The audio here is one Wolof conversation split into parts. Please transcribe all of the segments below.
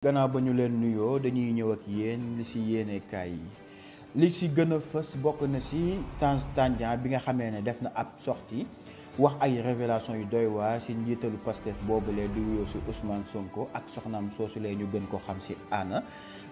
gannaaw ba ñu leen nuyoo dañuy ñëw ak yéen li ci yéenekaay yi li ci gën a fës bokk na ci Tange Tandian bi nga xamee ne def na ab sorti wax ay révélation yu doy waar ci njiitalu Pastef boobule di wuyoo ci Ousmane Sonko ak soxnaam soosu lee ñu gën ko xam ci Anna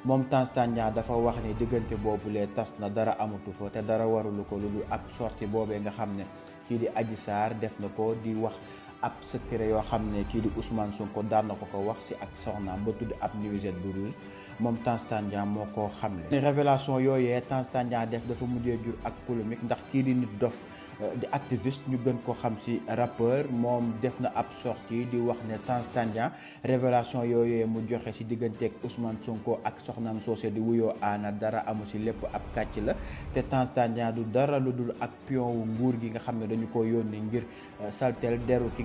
moom Tange Tandian dafa wax ne diggante boobulee tas na dara amatu fa te dara warulu ko lu ab sorti boobe nga xam ne kii di Adji Sarr def na ko di wax ab secret yoo xam ne kii di Ousmane Sonko daan na ko ko wax si ak soxnaam ba tudd ab nuisette bu rouge moom Tange Tandian moo ko xam ne révélation yooyee Tange Tandian def dafa mujjee jur ak polémique ndax kii di nit dof euh, di activiste ñu gën ko xam si rappeur moom def na ab sortie di wax ne tans Tandian révélation yooyee mu joxe si digganteeg Ousmane Sonko ak soxnaam soose di wuyoo aana dara amu si lépp ab kàcc la te tans Tandian du dara lu dul ak pion nguur gi nga xam ne dañu ko yónni ngir euh,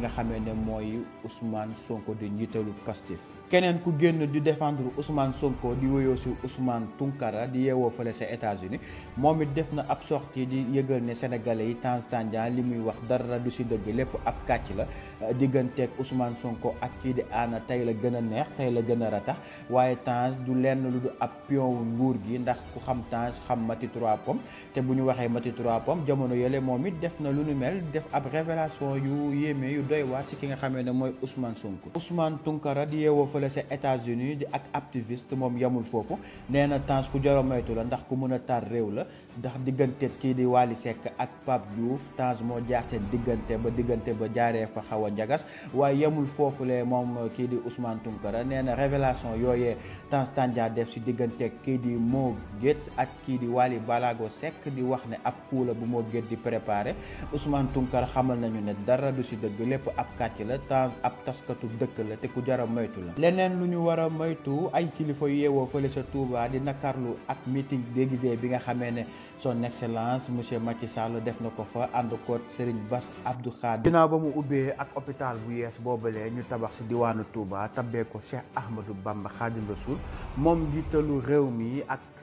nga xamee ne mooy Ousmane Sonko di njiitalu Pastef keneen ku génn di défendre Ousmane Sonko di woyoo si Ousmane Tunkara di yeewoo fële sa États-Unis moom it def na ab sortie di yëgal ne sénégale yi temps tandia li muy wax dara du si dëgg lépp ab kàcc la digganteeg Ousmane Sonko ak kii di aana tey la gën a neex tey la gën a ratax waaye temps du lenn lu du ab pion nguur gi ndax ku xam temps xam mati trois pom te bu ñu waxee mati trois pom jamono yële moom it doy waar ci ki nga xamee ne mooy Ousmane Sonko Ousmane Tunkara di yeewoo fële ca États-Unis di ak activiste moom yamul foofu nee na tans ku joro moytu la ndax ku mën a tar réew la ndax diggante kii di Wally Seck ak Pape Diouf tans moo jaar seen diggante ba diggante ba jaaree fa xaw a njagas waaye yamul foofu le moom kii di Ousmane Tunkara nee na révélation yooyee tans tànja def si diggante kii di moo Gates ak kii di Wally Balago sekk di wax ne ab coup bu moo gét di préparé Ousmane Tounkara xamal nañu ne dara du si dëgg lépp ab kàcc la temps ab taskatu dëkk la te ku jara moytu la leneen lu ñu war a moytu ay kilifa yeewoo fële sa Touba di nakarlu ak meeting déguisé bi nga xamee ne son excellence monsieur Macky Sall def na ko fa ànd koot Serigne Bass Abdou Khadre ginnaaw ba mu ubbee ak hôpital bu yees boobalee ñu tabax si diwaanu Touba tabee ko Cheikh Ahmadou Bamba Khadim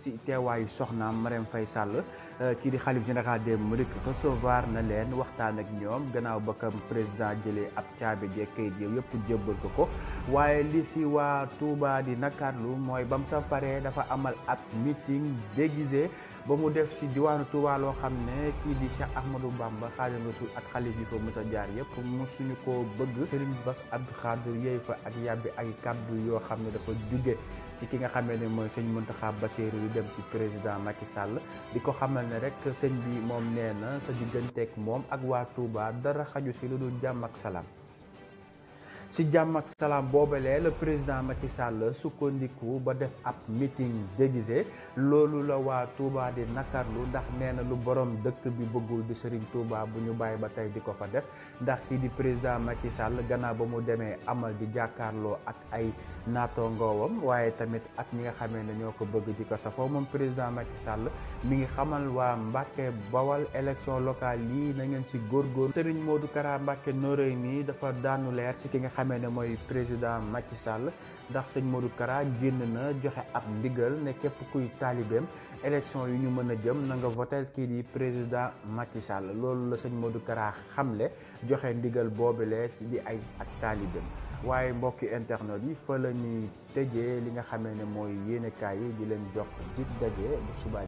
si teewaayu soxnaam Marème fay Sall euh, kii di xalif général des Mourides recevoir na leen waxtaan ak ñoom gannaaw ba kam président jëlee ab caabi jee kayit yow yëpp jébbal ko ko waaye li si waa Touba di nakarlu mooy bam sa paree dafa amal ab meeting déguisé ba mu def si diwaanu Touba loo xam ne kii di Cheikh Ahmadou Bamba Xaadimu Rasuul ak xalif yi fa mës a jaar yëpp suñu ko bëgg Serigne Bass Abdou Khadre yooyu fa ak yàbbi ay kàddu yoo xam ne dafa jóge ci ki nga xamee ne mooy sëñ Mountakha Bassirou yu dem ci président Macky Sall di ko xamal ne rek sëñ bi moom nee na sa digganteeg moom ak waa Touba dara xaju ci lu dul jàmm ak salaam si jàmm ak salaam boobalee la président Macky Sall sukkandiku ba def ab meeting déguisé loolu la waa Touba di nakarlu ndax nee na lu borom dëkk bi bëggul di Serigne Touba bu ñu bàyyi ba tey di ko fa def ndax kii di président Macky sàll gannaaw ba mu demee amal di jàkkaarloo ak ay ngoowam waaye tamit ak ñi nga xamee ne ñoo ko bëgg di ko sa foo moom président Macky sàll mi ngi xamal waa Mbacke Bawal élection locale yii na ngeen si góor Serigne Modou Kara Mbacke Norey mi dafa daanu ki xamee ne mooy président Macky Sall ndax sëñ Modou Kara génn na joxe ab ndigal ne képp kuy taalibeem élection yu ñu mën a jëm nanga nga voté kii di président Macky Sall loolu la sëñ Modou Kara xamle joxe ndigal boobule lees di ay ak taalibeem waaye mbokki internet yi fa la ñuy tëjee li nga xamee ne mooy yéenekaay yi di leen jox dig daje ba